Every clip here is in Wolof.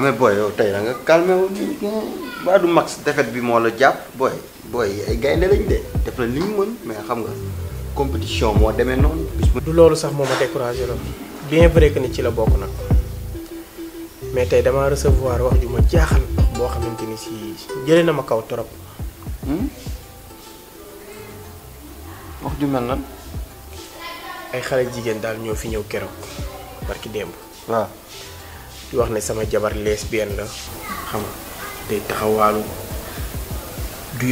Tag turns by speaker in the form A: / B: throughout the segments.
A: mais boy yow oh, tay nga calmé wu ba du max défaite bi mo la japp boy boy ay eh, gaynde lañ dé def la liñ mën mais xam nga compétition mo démé non bis du lolu sax moma décourager lo bien vrai que ni ci la
B: bok nag mais tay dama recevoir wax juma jaxal bo xamanteni ci jëlé na ma kaw torop hmm? wax du mel nan ay xalé jigen dal ñoo fi ñew kéro barki demb waaw di wax ne sama jabar lesbienne la xam nga taxawaalu du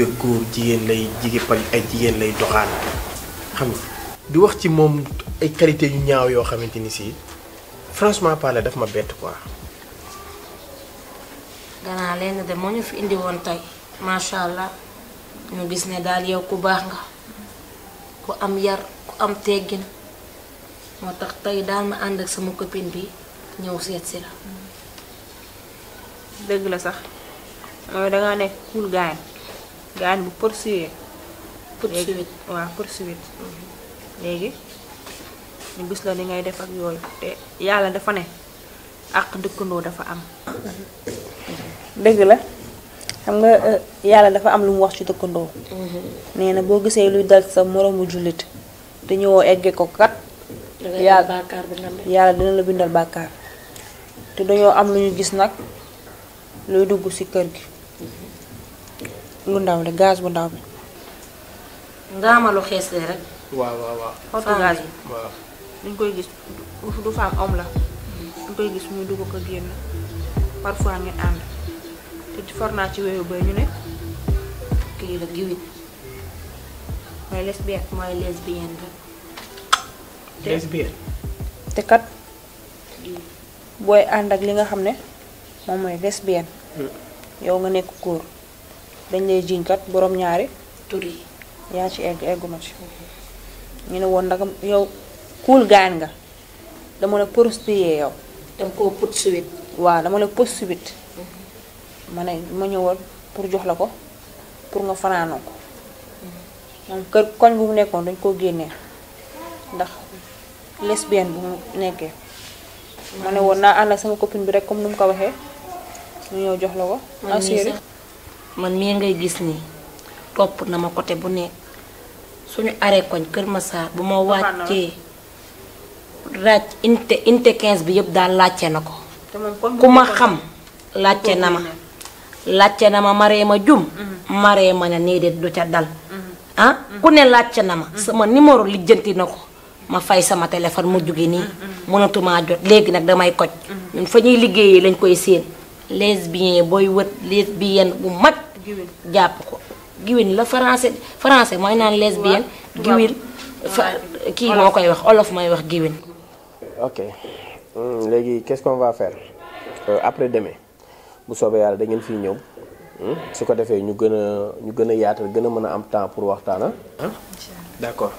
B: jigéen lay jige jigéen lay doxaan xam di wax ci moom ay qualité yu ñaaw yoo xamante ni si franchement parler daf ma bett quoi.
C: gannaaw lenn de moo ñu fi indi woon tey macha allah ñu gis ne daal yow ku baax nga ku am yar ku am teggin moo tax tey daal ma ànd ak sama copine bi. ñew seet ci la
D: dëgg la sax moy da nga nek cool gaay gaay bu poursuivre poursuivre iya, wa poursuivre léegi iya, ñu gis la ni ngay iya, def ya. ak yoy te yalla dafa ne ak dëkkandoo dafa am dëgg la xam nga eh, yalla dafa am lu mu wax ci dëkkandoo nee na boo gisee luy dal sa moroomu julit te ñëwoo eggé ko kat yalla dina la bindal bakkar te dañoo am lu ñu gis nag luy dugg ci kër gi lu ndaw li gaz bu ndaw bi.
C: nga ma xees le
D: rek.
B: waaw waaw waaw. xottu gaz
D: bi koy gis du femme homme la. dañ koy gis muy dugg ko génn parfois ngeen ànd te for naa ci wéyu
C: bay ñu ne kii la giwit mooy lesbienne mooy lesbienne
D: rek. te kat. booy ànd ak li nga xam ne moom mooy lesbienne hmm. yow nga nekk góor dañ lay jiiñ kat borom ñaari tur yi hmm. yaa ci egg egguma ci ñu ne woon nag yow kuul gaan nga dama la prostituer yow dama koo put suwit waaw dama la put suwit hmm. ma ne ma ñëwal pour jox la ko pour nga fanaanoo ko moom kër koñ bu mu nekkoon dañ koo génnee ndax lesbienne bu mu nekkee ma ne woon naa ànd sama copine bi rek comme nu mu ko waxee ñu ñëw jox la ko. Ah,
C: man mii ngay gis nii topp na ma côté bu nekk suñu arrêt koñ Kër Massar bu ma wàccee laaj inte inte 15 bi yëpp daal laajte na ko. ku ma xam laajte na ma. laajte na ma maree ma jum. Mhm. maree ma ne nii de du ca dal. Mhm. ah ku ne laajte na ma. Mhm. sama numéro lijjanti na ko. ma fay sama téléphone mu jóge nii mm-hmm. mënatumaa jot léegi nag damay koj mm-hmm. ñun fa ñuy liggéeyee lañ koy séen lesbien booy wët lesbienne bu mag jàpp ko giwin la français français mooy naan lesbienne giwin kii moo koy wax olof mooy wax giwin
B: ok hmm, léegi qu'est-ce qu'on va faire euh, après demain bu soobee yàlla da fi ñëw hmm, su ko defee ñu gën a ñu gën a yaatal gën a mën a am temps pour waxtaana ah? d'accord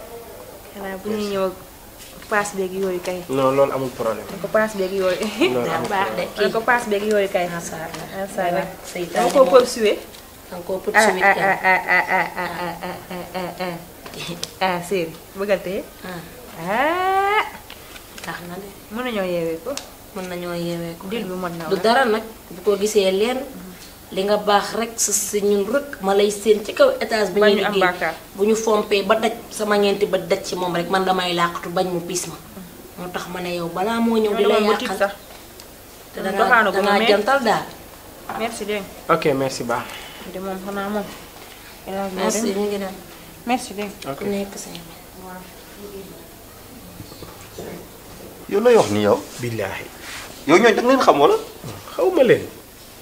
D: xanaa bu ñuy ñëw paas beeg yooyu kay.
B: non loolu amul problème. ko
D: ko paas beeg yooyu kay. ansaar la ansaar la. seytaane ko poursuivre.
C: danga ko poursuivre ah ah,
D: ah ah ah ah ah ah ah ah ah ah, ah
C: Serigne na de. mën nañoo yeewee ko. nañoo yeewee ko. dil bi mën na du dara nag bu ko gisee leen. Mm-hmm. li nga baax rek sa si ñun rek ma lay séen ci kaw étage bi ñuy liggéey bu ñu fompee ba daj sama ñeenti ba daj ci moom rek man damay làqatu bañ mu piis ma moo tax ma ne yow balaa moo ñëw di la yàqal
D: te ah, baax de moom xanaa moom merci ñu ngi dem merci dégg ku nekk sa
A: yow lay wax ni yow billaahi
B: yow ñooñu da nga xam wala xaw ma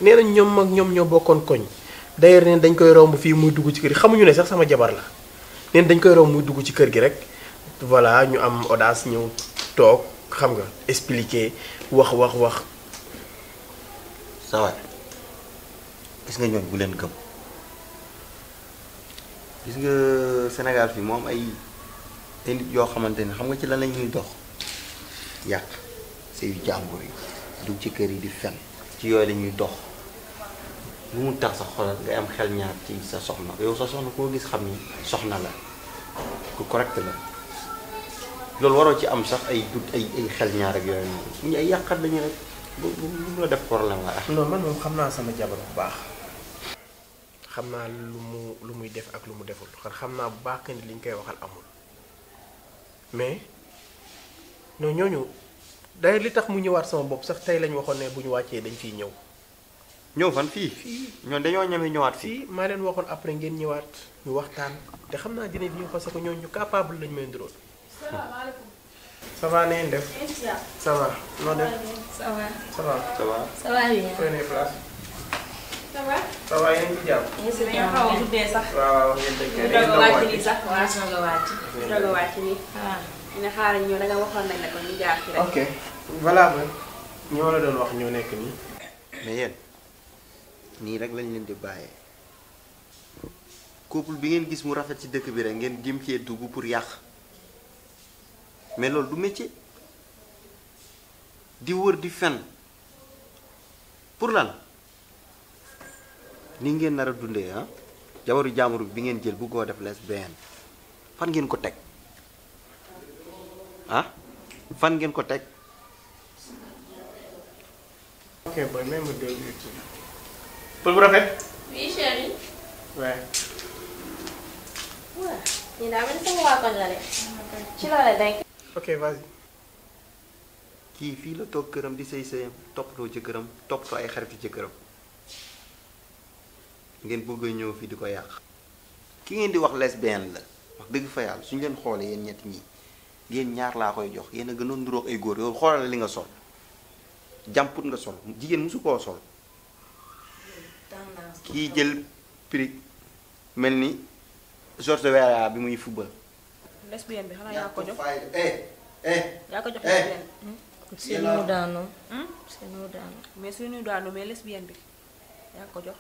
B: nee nañ ñoom mag ñoom ñoo bokkoon koñ d'ailleurs neen dañ koy romb fii muy dugg ci kër gi xamuñu ne sax sama jabar la neen dañ koy romb muy dugg ci kër gi rek voilà ñu am audace ñëw toog xam nga expliquer
A: wax wax wax. sawar gis nga ñooñ bu leen gëm gis nga Sénégal fii moom ay ay yoo xamante ne xam nga ci lan la ñuy dox yàq sëyu jàmbur yi dugg ci kër yi di fen ci yooyu lañuy dox. lu mu tax sa xolal ngay am xel ñaar ci sa soxna yow sa soxna koo gis xam ni soxna la ku correct la loolu waroo ci am sax ay dut ay xel ñaar ak yooyu noonu ñu rek bu def problème la ak.
B: non man moom xam naa sama jabar bu baax xam naa lu mu lu muy def ak lu mu deful kon xam naa bu baax que ni liñ koy waxal amul mais non ñooñu day li tax mu ñëwaat sama bopp sax tey lañu waxoon ne bu ñu wàccee dañ fiy ñëw. ñëw fan fi fii dañu ñame ñewat fi ma leen après ngeen ñewat ñu waxtaan te xamna dina ñëw parce que ñoo ñu capable lañ may ndoroon.
D: ça va na def. ça va noo def. ça va
C: ça va. ça va ça va bien.
D: prenez place.
A: ça va. ça va
B: yéen ci jàmm. ñu si dañoo xaw a guddee sax. waaw ngeen dëkkee dañu doog a wàcc nii
D: sax waaw doog a wàcc. doog a wàcc nii. Ah. ñu ne xaaral da nga waxoon nañ la ko ñu jaar ci rek. ok
A: voilà ñoo la doon wax ñoo nekk mais nii rek lañ leen di bàyyee couple bi ngeen gis mu rafet ci dëkk bi rek ngeen jëm cee dugg pour yàq mais loolu du métier di wër di fen pour lan ni ngeen nar a dundee ah jabaru jaamur bi ngeen jël bu koo def lesbienne fan ngeen ko teg ah? fan ngeen ko teg.
B: ok boy pël bu rafet.
C: la de. ci loolee denk.
D: ok
A: kii fii la toog këram di sëy sëyam toppatoo jëkkëram toppatoo ay xaritu këram ngeen bëgg a ñëw fii di ko yàq. ki ngeen di wax lesbienne la wax dëgg fa yàlla suñu leen xoolee yéen ñetti ñii yéen ñaar laa koy jox yéen a gënoon nduróog ay góor yow xoolal li nga sol jàmput nga sol jigéen mosu koo sol. kii jël prix mel ni George Weah bi muy football.
D: lesbienne bi xanaa yaa ko jox yaa ko eh, eh, jox eh. lesbienne. Hmm?
C: seen mu daanoo.
D: Hmm? Hmm? seen mu daanoo mais suñu daanoo mais lesbienne bi yaa ko jox.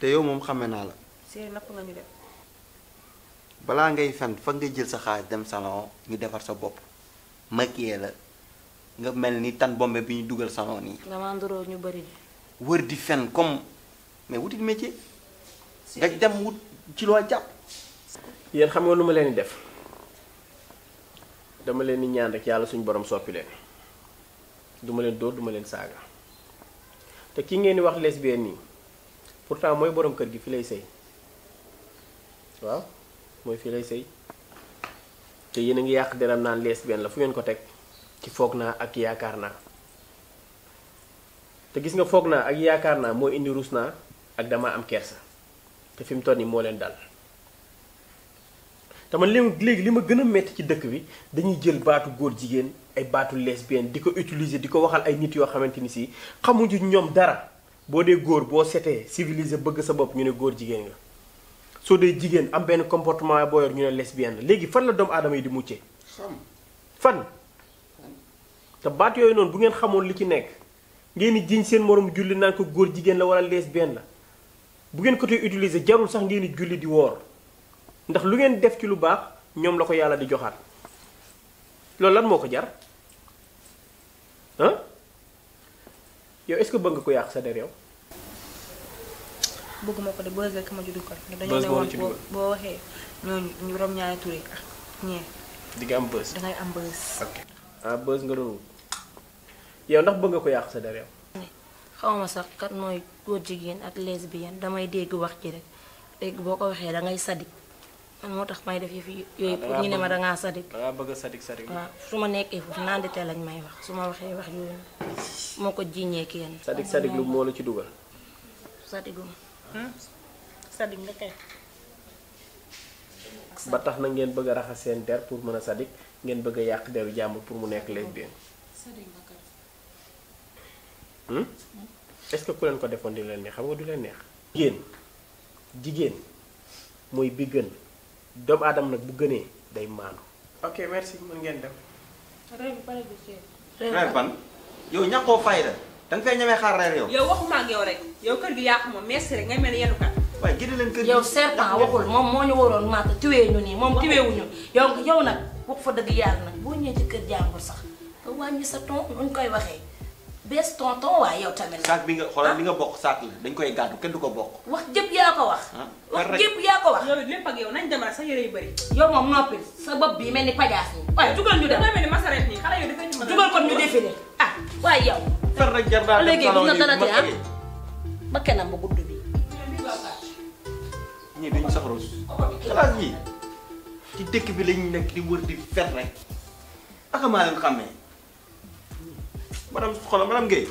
A: te yow moom xame naa la.
D: séeréer napp nga ñu dem.
A: balaa ngay fen fa nga jël sa xaalis dem salon ñu defar sa bopp maquillé la nga mel ni tan bombe bi ñu dugal salon yi.
C: nga mandoroo ñu bari de.
A: wër di fen comme mais wutit métier nga dem wut ci loo jàpp yéen xam nga lu ma
B: leen def dama leen di ñaan rek yàlla suñu borom soppi leen duma leen dóor duma leen saaga te ki ngeen di wax lesbienne nii pourtant mooy borom kër gi fi lay sëy waaw mooy fi lay sëy te yéen a ngi yàq deram naan lesbienne la fu ngeen ko teg ci foog naa ak yaakaar naa te gis nga foog naa ak yaakaar naa moo indi ruus naa ak damaa am kersa te fi mu toll nii moo leen daal te man léegi li ma gën a métti ci dëkk bi dañuy jël baatu góor jigéen ay baatu lesbienne di ko utiliser di ko waxal ay nit yoo xamante ni si xamuñu ñoom dara boo dee góor boo setee civilisé bëgg sa bopp ñu ne góor jigéen nga soo dee jigéen am benn comportement boo ñu ne lesbienne la léegi fan la doomu aadama yi di muccee. fan. te baat yooyu noonu bu ngeen xamoon li ci nekk. ngeen jiñ seen morom julli nan ko góor jigen la wala les ben la bu ngeen ko tay utiliser jarul sax ngeen julli di wor ndax lu ngeen def ci lu baax ñom la ko yalla di joxat lool lan moko jar hein yo est ce que bëgg ko yaax sa der yow
D: bëgguma ko de buzz rek ma jiddu ko dañu ne won bo waxe ñoo ñu rom ñaay
C: tur ah, ñe
B: di nga am buzz da ngay
C: am buzz
B: ok a ah, buzz nga doon yow ya, ndax bëgg ko yàq ya, sa der yow
C: xawma sax kat mooy góor kan jigéen ak lesbian damay dégg wax ci rek dégg boo ko waxee da ngay sadik man moo tax may def yëfi yooyu pour ñu ne ma da ngaa
B: sadik. da ngaa bëgg sadik hmm? sadik. waaw
C: su ma nekkee foofu naandite lañ may wax su ma waxee wax yooyu moo ko jiñee kenn. sadik sadik lu moo la ci dugal. sadiguma. sadik nga kay.
D: ba
B: tax na ngeen bëgg a raxas seen der pour mën a sadik ngeen bëgg a yàq deru jàmm pour mu nekk lesbian sadik nga Hmm? est-ce que ku leen ko defoon di leen neex xam nga du leen neex. jigéen jigéen mooy bi gën doomu aadama nag bu gënee day maandu. ok merci mën ngeen dem. reer ban
A: yow ñàkkoo fayda da nga fay ñemee xaar reer yow.
D: yow waxuma ak yow rek yow kër gi yàqu ma merci
C: rek nga mel yenu kat. waaye gëdd leen kër gi yow moom moo ñu waroon màtt tiwee ñu nii moom tiwee wuñu yow yow nag wax fa dëgg yàlla nag boo ñëwee ci kër jàmbur sax nga wàññi sa ton nuñ koy waxee. bes tonton wa yow tamit
A: sak bi nga ah? xolal li nga bok sak la dañ koy gaddu ken du ko bok
C: wax jep ya ko wax
A: ah, wax jep
C: ya ko wax yow lepp ak yow nañ demal sa yere yu bari yow mom nopi sa bop bi melni pajas ni way dugal ñu dem melni masaret ni xala yow ci ma dugal ko ñu defé ni ah way yow
A: fer rek jarba
C: da legi bu nga dalati ha ba kenam bu guddu bi
A: ñi duñ sax rus xalaat yi ci dekk bi lañ nekk di wër di fer rek akama leen xamé madame xoolal madame Guèye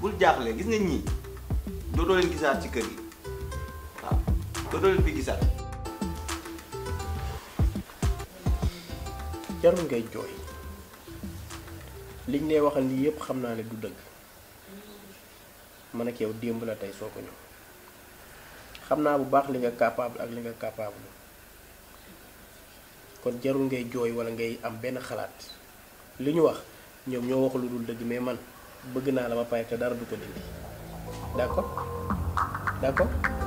A: bul jaaxle gis nga ñii dootoo leen gisaat ci kër gi waaw dootoo leen fi gisaat.
B: jarul ngay jooy liñ lay waxal nii yëpp xam naa ne du dëgg man ak yow démb la tey soo ko ñëw xam naa bu baax li nga capable ak li nga capable kon jarul ngay jooy walla ngay am benn xalaat li ñu wax. ñoom ñoo wax lu dul dégg mais man bëgg naa la ba pare te dara du ko dindi d'accord d'accord